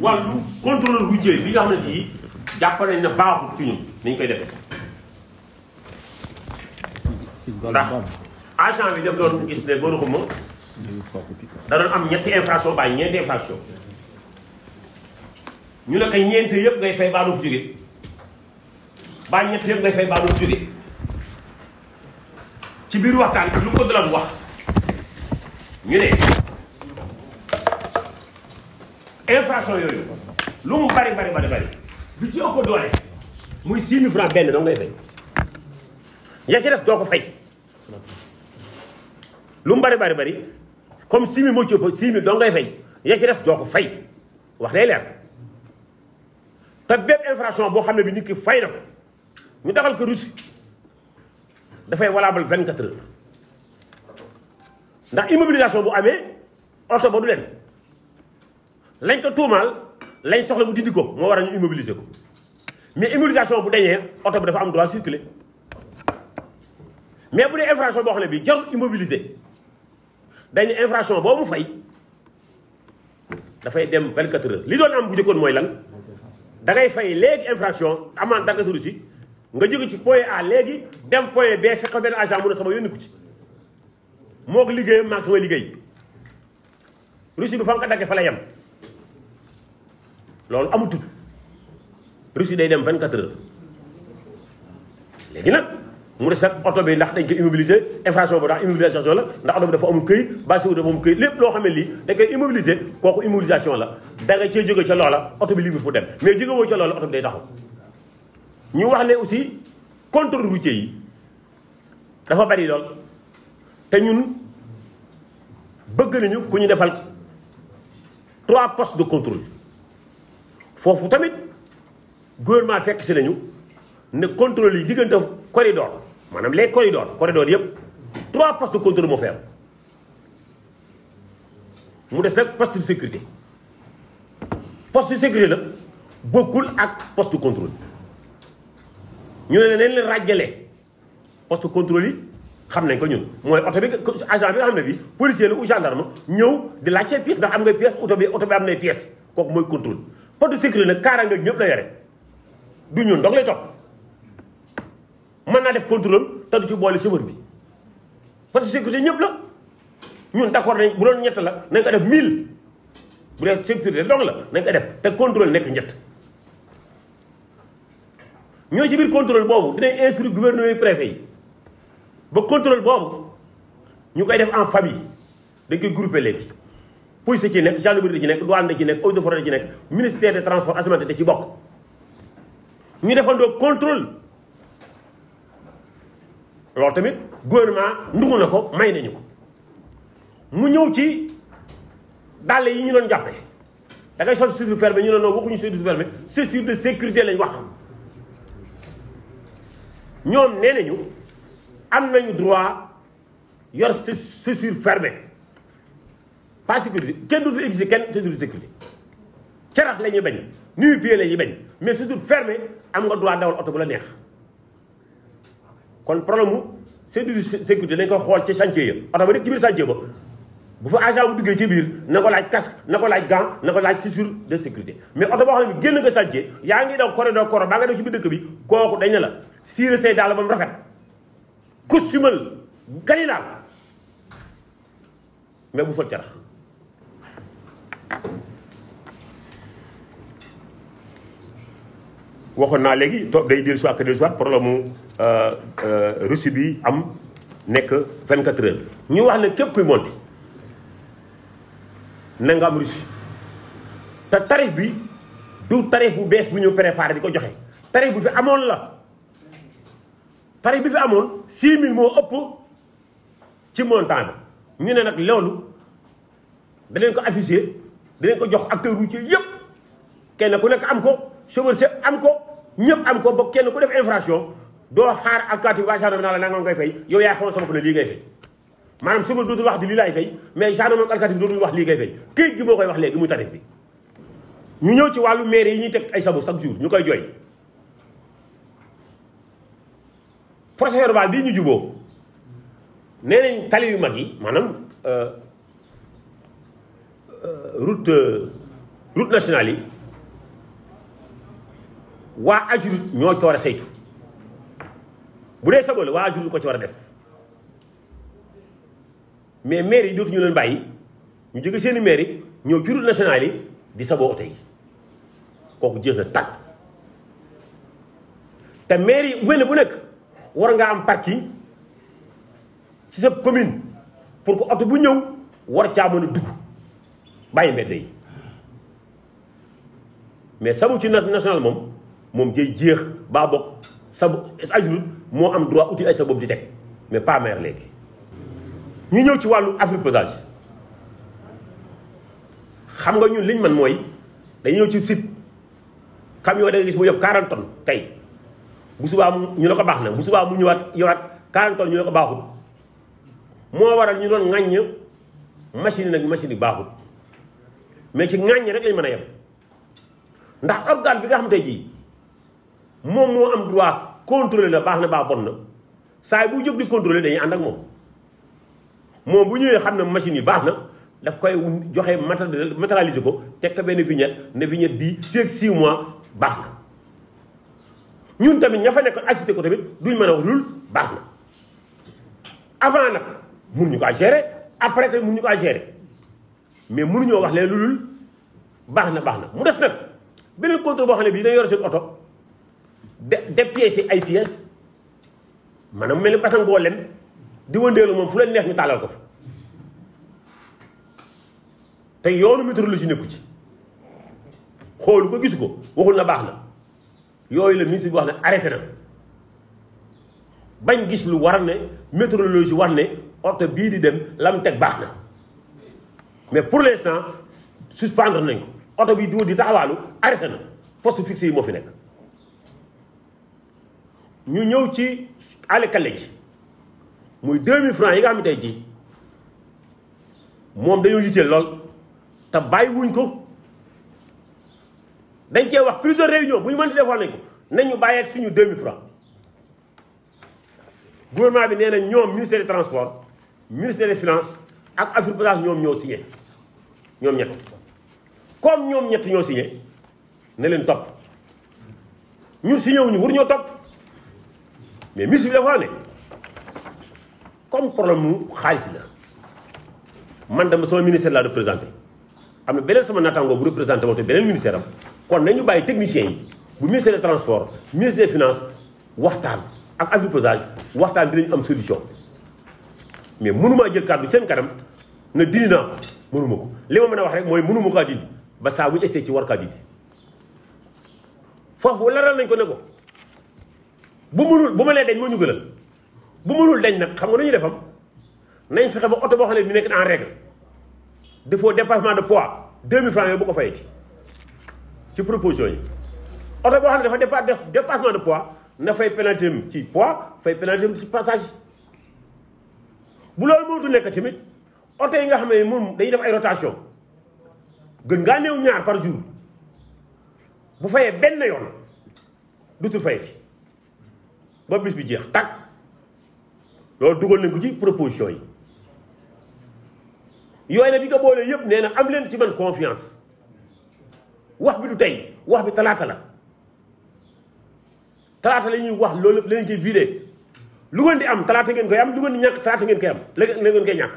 wàllu contrôle routier bi nga xam ne bii jàpp nañ ne baaxul ci dañ koy defee. ndax agent bi daf doon gis ne góor xuma da am ñetti infraction bàyyi ñeenti infraction ñu ne ñeenti yëpp ngay fay baalu fu jóge bàyyi ñetti yëpp ngay fay baalu fu jóge ci biir waxtaan lu ko dalal wax ñu ne. infraction yooyu lu mu bari bari bari bari bi ci ëpp doole muy 6000 francs benn dong ngay fay yaa ci des doo ko fay lu mu bari bari bari comme 6000 moo ci ëpp 6000 dong ngay fay yaa ci des doo ko fay wax day leer te bépp infraction boo xam ne bi nit fay na ko ñu daxal ko russe dafay valable 24 heures ndax immobilisation bu amee oto ba du leen lañ ko tuumaal lañ soxla mu dindi ko moo war a ñu immobiliser ko mais immobilisation bu dañee oto bi dafa am droit circuler mais bu dee infraction boo xam ne bi jarul immobiliser dañ infraction boo mu fay dafay dem 24 heures li doon am bu njëkkoon mooy lan da ngay fay léegi infraction amaan dara solu si nga jóge ci point A léegi dem point B fekk benn agent mun a sama yónni ko ci moo ko liggéeyam maag liggéey Russie bi fa nga ko daggee fa la yem loolu amatul reçu day dem 24 heures léegi nag mu des nag bi ndax dañ koy immobiliser infraction bi ndax immobilisation la ndax oto bi dafa amul këyit bâche bi dafa amul këyit lépp loo xam ne lii dañ koy immobiliser kooku immobilisation la da nga cee jóge ca loola oto bi libre pour dem mais jóge woo ca loola oto bi day taxaw ñu wax ne aussi contrôle routier yi dafa bari lool te ñun bëgg nañu ku ñu defal trois postes de contrôle foofu tamit gouvernement fekk si nañu ne contrôle yi diggante corridor maanaam les corridors corridor yëpp trois postes de contrôle moo fa am mu des nag poste de sécurité poste la bokkul ak poste de ñu ne leen leen ràjjale poste de contrôle yi xam nañ ko ñun mooy oto bi agent bi am na bi policier la ou gendarme ñëw di laaj seen pièce ndax am ngay pièce oto bi oto bi am nay pièce kooku mooy contrôle potu sécurité nag kaaraange ñëpp la yore du ñun dong lay topp mën naa def contrôle te du ci boole chauffeur bi potu sécurité ñëpp la ñun d'accord nañ bu doon ñett la nañ ko def mille bu dee sécurité dong la nañ ko def te contrôle nekk ñett ñoo ci biir contrôle boobu dinañ instruire gouverneur yi préfet yi ba contrôle boobu ñu koy def en famille dañ koy groupé léegi police ci nekk gendarmerie da ci nekk douane ci nekk eaux et ci nekk ministère des transports asimanté da ci bokk ñu defandoo contrôle loolu tamit gouvernement nduxu na ko may nañu ko mu ñëw ci dàll yi ñu doon jàppe da ngay sol chaussure fermée ñu ne non waxuñu chaussure fermée chaussure de sécurité lañ wax ñoom nee am nañu droit yor chaussure fermée pas sécurité kenn dootul exiger kenn sécurité sécurité carax la ñuy bañ nu-pieds la ñuy bañ mais surtout fermé am nga droit dawal oto bu la neex kon problème mu sécurité sécurité dañ ko xool ci chantier ya oto ba nekk ci biir chantier ba bu fa agent bu duggee ci biir na ko laaj casque na ko laaj ko laaj chaussure de sécurité mais oto boo xam ne bi génn nga chantier yaa ngi daw corridor koro baa nga daw ci biir dëkk bi kooku dañ ne la siire say daal ba mu rafet costumal gani mais bu sol carax waxoon naa léegi toog day dellu si ak dellu si waat problème mu euh, euh, reçu bi am nekk 24 heures ñu wax ne képp kuy monté na am reçu te tarif bi du tarif bu bees bu ñu préparé di ko joxe tarif bu fi amoon la tarif bi fi amoon 6000 moo ëpp ci montant ñu ne nag loolu da leen ko affiché dinañ ko jox acteur routier yëpp kenn ku nekk am ko chauffeur si am ko ñëpp am ko ba kenn ku def infraction doo xaar alkaati waa gendarme naa la nangoon ngay fay yow yaay xamal sama ko ne lii ngay fay maanaam chauffeur dootul wax di lii laay fay mais gendarme ak alkaati wax lii ngay fay këyit gi koy wax léegi mu tarif bi ñu ñëw ci wàllu maire yi ñuy teg ay sabu chaque jour ñu koy jooy procès verbal bii ñu juboo nee nañ tali yu mag yi maanaam euh, Euh, route euh, route nationale yi waa AGEROUTE ñoo ko war a saytu bu dee sabal waa AGEROUTE ko ci war a def mais maire yi dootuñu leen bàyyi ñu jóge seeni maire yi ñëw ci route nationale yi di saboo oto yi kooku jeex na tàkk te maire yi wenn bu nekk war nga am parking ci sa commune pour que oto bu ñëw war caa mën a dugg bàyyi mbedd yi mais sabu ci national moom moom day jeex baa bokk sabu ajurut moo am droit uti ay sa boobu di teg mais pas maire léegi ñu ñëw ci wàllu affichage xam nga ñun liñ man mooy dañ ñëw ci site camion da nga gis mu yóbbu 40 tey bu subaa ñu la ko baax na bu subaa mu ñëwaat yowaat 40 tonnes ñu la ko baaxut moo waral ñu doon ŋàññ machine nag machine yi baaxut mais ci ŋàññi rek lañ mën a yem ndax am organe bi nga xam tey ji moom moo am droit contrôler la baax na baax bon na saa bu jóg di contrôler dañuy ànd ak moom moom bu ñëwee xam ne machine yi baax na daf koy joxe matérialiser ko teg ko benn vignette ne vignette bii fii ak 6 mois baax na ñun tamit ña fa nekk assisté ko tamit duñ mën a wax lul baax na avant nag mënuñu ko à gérer après tamit mënuñu ko à gérer mais mënuñoo wax leen lu dul baax na baax na mu des nag beneen contrôle boo xam ne bii dañu yor seen oto de dépiécé ay pièces maanaam mel ni basang boo lem di moom fu leen neex ñu tàllal ko fa te yoonu météorologie nekku ci xoolu ko gisu ko waxul na baax na yooyu la ministre wax ne arrêté na bañ gis lu war ne météorologie war ne oto bii di dem mu teg baax na mais pour l'instant suspendre nañ ko oto bi di taxawaalu arrêté na poste fixe yi moo fi nekk ñu ñëw ci àllkale ji muy 2000 francs yi nga xam ne tey jii moom dañoo yitteel lool te bàyyiwuñ ko dañ cee wax plusieurs réunions bu ñu mënti defoon nañ ko nañ ñu bàyyeeg suñu 2000 francs gouvernement bi nee na ñoom ministère de transport ministère de finances ak Afrique ñoom ñoo signé. ñoom ñett comme ñoom ñett ñoo signé ne leen topp ñun signé wuñu war ñoo topp mais ministre bi dafa ne comme problème mu xaalis la man dama sama ministère laa représenté am na beneen sama naataangoo bu représenté woo te beneen ministère am kon nañu bàyyi techniciens yi bu ministère des transports ministère des waxtaan ak agriposage waxtaan di dinañu am solution mais mënumaa jël kàddu seen kanam na dindi naa ko mënuma ko li ma mën a wax rek mooy mënu ma kaa dindi ba saa bu ñu essayé ci war kaa dindi foofu leral nañ ko ne ko bu mënul bu ma nee dañ ma ñugalal bu mënul dañ nag xam nga dañuy defam nañ fexe ba oto boo xam ne bi nekk en règle defoo dépassement de poids 2000 francs yooyu bu ko fayati ci proposition yi oto boo xam ne dafa dépa dépassement de poids na fay pénalité am ci pois fay pénalité am ci passage bu loolu mënatu nekk tamit oto yi nga xam ne moom dañuy def ay rotation gën ngaa néew ñaar par jour bu fayee benn yoon dutul fayati ba bis bi jeex tag loolu dugal nañ ku ci proposition yi yooyu nag bi nga boolee yëpp nee na am leen ci man confiance wax bi du tey wax bi talaata la talaata la ñuy wax loolu lépp lañ koy vidé lu ngeen di am talaata ngeen koy am lu ngeen di ñàkk talaata ngeen koy am la ngeen koy ñàkk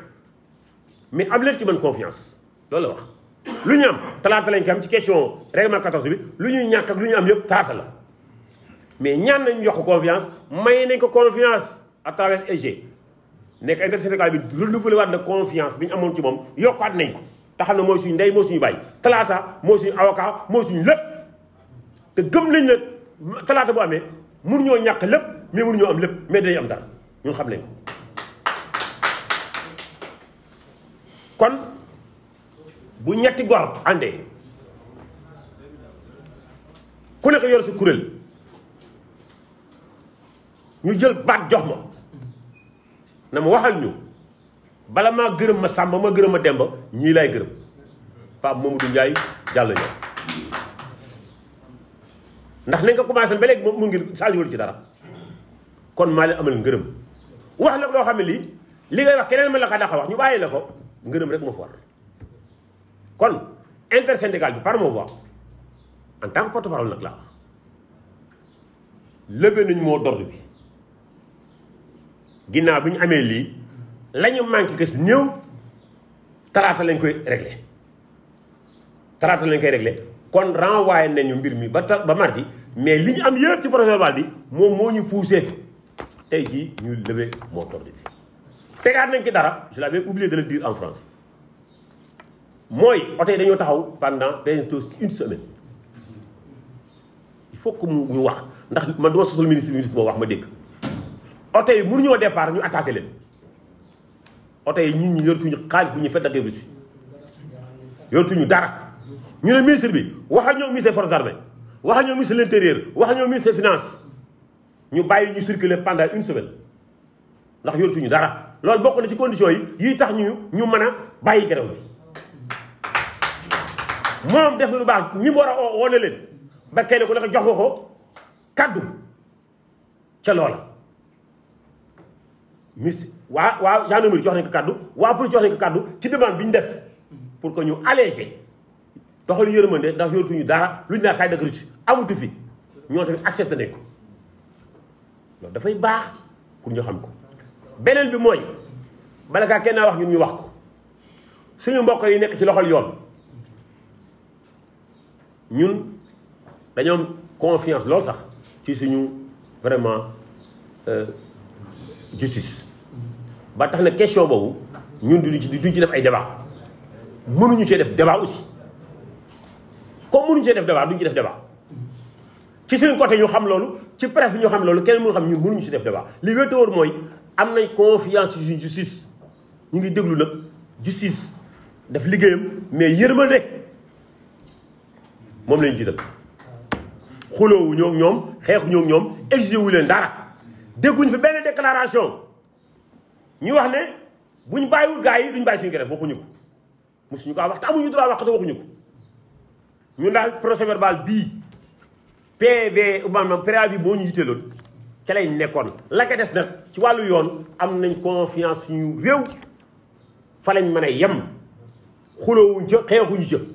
mais am leen ci man confiance loolu la wax lu ñu am talaata lañ ko am ci question règlement 14 bi lu ñu ñàkk lu ñu am yëpp talaata la mais ñaan nañ jox ko confiance may nañ ko confiance à travers EG nekk intersyndical bi renouvelé waat na confiance bi ñu amoon ci moom yokk yokkaat nañ ko te xam ne mooy suñ ndey mooy suñu bàyyi talaata mooy suñu avocat mooy suñu lépp te gëm nañ ne talaata bu amee mënuñoo ñàkk lépp mais mënuñoo am lépp mais dañu am dara ñun xam nañ ko bu ñetti gor àndee ku nekk yor si kuréel ñu jël baat jox ma na ma waxal ñu bala maa gërëm ma sàmba ma gërëm ma demba ñii lay gërëm Pape Mamadou Ndiaye jàll ñëw ndax nañ ko commencé ba léegi moom mu ngi saajiwul ci dara kon maa leen amal ngërëm wax nag loo xam ne lii li ngay wax keneen ma la ko daxa wax ñu bàyyi la ko ngërëm rek moo fa war kon intersyndical bi par moo voix en tant que porte-parole nag laa wax levé nañu moo dord bi ginnaaw bi ñu amee lii la ñu manqué que si ñëw talaata lañ koy réglé talaata lañ koy réglé kon renvoyé nañu mbir mi ba ta ba mardi mais li ñu am yëpp ci projet verbal bi moom moo ñu poussé tey jii ñu levé moo dord bi tegaat nañ ci dara je l'avais oublié de le dire en français mooy oto yi dañoo taxaw pendant benn une semaine il faut que mu ñu wax ndax man du ma sosal ministre ministre moo wax ma dégg oto yi mënuñoo départ ñu attaqué leen oto yi ñun ñu yoratuñu xaalis bu ñuy fekk ak yëngatu yoratuñu dara ñu ne ministre bi wax ak ñoom ministre forces armées wax ak ñoom ministre l'intérieur wax ak ñoom ministre finance ñu bàyyi ñu circuler pendant une semaine ndax yoratuñu dara loolu bokk na ci conditions yi yi tax ñu ñu mën a bàyyi grève bi. moom def lu baax ñi mu war a oo woo na leen ba kenn ku nekk jox ko ko kaddu ca loola. mis waa waa gendarmerie jox nañ ko kaddu waa police jox nañ kaddu ci demande bi ñu def pour que ñu alléger doxal yërmande ndax yoratuñu dara luñ naa xay dëgg ruus amatu fi ñoo tamit accepté nañ ko loolu dafay baax pour ñu xam ko. beneen bi mooy bala kaa kenn wax ñun ñu wax ko suñu mbokk yi nekk ci loxol yoon. ñun dañoom am confiance lool sax ci suñu vraiment euh, justice ba tax na question boobu ñun duñu ci duñu ci def ay débat mënuñu cee def débat aussi comme mënuñu cee def débat duñu ci def débat ci suñu côté ñu xam loolu ci presse bi ñu xam loolu kenn mënu xam ñun mënuñu ci def débat li wétoor mooy am nañ confiance ci suñu justice ñu ngi déglu nag justice daf liggéeyam mais yërmal rek moom lañ jiital xuloowu ñoo ñoom xeexu ñoo ñoom exigé wu leen dara dégguñ fi benn déclaration ñu wax ne bu buñ bàyyiwul gars yi duñ bàyyi suñu grève waxuñu ko mosuñu kaa wax te amuñu droit wax te ñu ko ñun daal procès verbal bii ma maanaam préavis moo ñu yitteeloon ca lay nekkoon la ka des nag ci wàllu yoon am nañ confiance suñu réew fa lañ mën a yem xuloowuñ ca xeexuñu ca